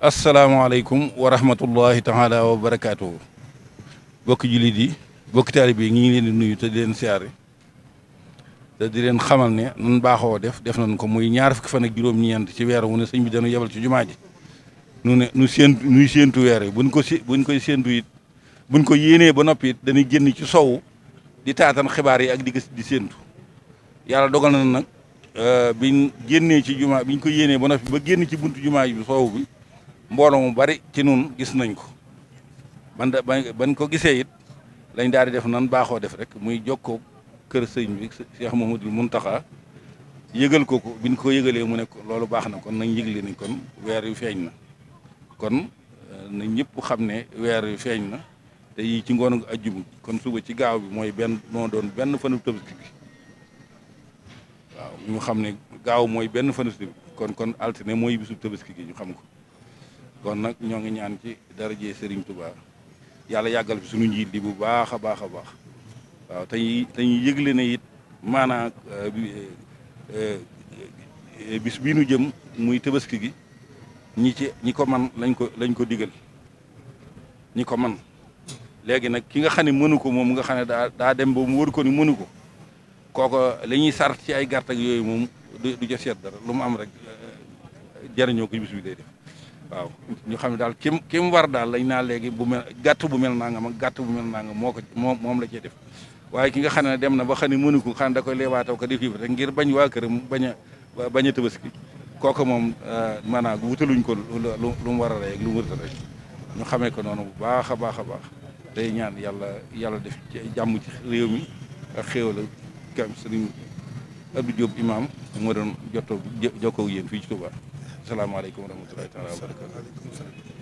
asalaamaaleykum wa rahmatullahi taala wa barakaatuhu bokki jullit yi bokki taalibe yi ñu ngi leen di nuyu te di leen siyaare te di leen xamal ne nan baaxoo def def nañ ko muy ñaar fukki fan ak juróom-ñeent ci weer wu ne sëñ bi dana yebal ci jumaa ji nu ne nu séentu weer yi buñ ko si buñ koy séentu it buñ ko yéenee ba noppi it dañuy génn ci sow di taatan xibaar yi ak di gis di séentu yàlla dogal na nag euh, biñ génnee ci jumaa biñ ko yéenee ba noppi ba génn ci buntu jumaa yi bi sow bi mbooloo mu bari ci nun gis nañ ko ban ban ko gisee it lañ daal di def nan baaxoo def rek muy jokkoo kër sëñ bi Cheikh mun Mountakha yëgal ko ko biñ ko yëgalee mu ne loolu baax na kon nañ yëgle ni kon weer yu feeñ na kon euh, na ñëpp xam ne weer yu feeñ na te yii ci ngoonu ajjuma kon suba ci gaaw bi mooy benn moo doon benn fanu tabaski bi waaw ñu xam ne gaaw mooy benn fanu tabaski kon kon altine mooy bisu tabaski gi ñu xam ko kon nag ñoo ngi ñaan ci dara darajee Serigne Touba yàlla yàggal fi suñu njiit li bu baax a baax a baax waaw te ñuy te ñuy yëgle ne it maanaam euh, euh, euh, bis bii nu jëm muy tabaski gi ñi ci ñi ko man lañ ko lañ ko digal ñi ko man léegi nag ki nga xam ne mënu ko moom nga xam ne daa daa dem ba mu wër ko ni mënu ko kooko li ñuy sart ci ay gàtt ak yooyu moom du du ca seet dara lu mu am rek jariñoo ko bis bi day def waaw ñu xam ne daal kim kim war daal lañ naa léegi bu mel gàtt bu mel nangam ak gàtt bu mel nangam moo ko moom moom la cee def waaye ki nga xam ne dem na ba xam ne mënu ko xam da koy leewaataw ko def rek ngir bañ waa kër bañ a bañ a tabaski kooku moom euh, maanaam wutaluñ ko lu mu war a rek lu mu rek ñu xamee ko noonu bu baax a baax a baax day ñaan yàlla yàlla def jàmm ci réew mi ak xéewal kam sëriñ Abdou Diop imam moo doon joto jokkoo yéen fii ci Touba asalaamaaleykum wa rahmatulahi taala wa barakatu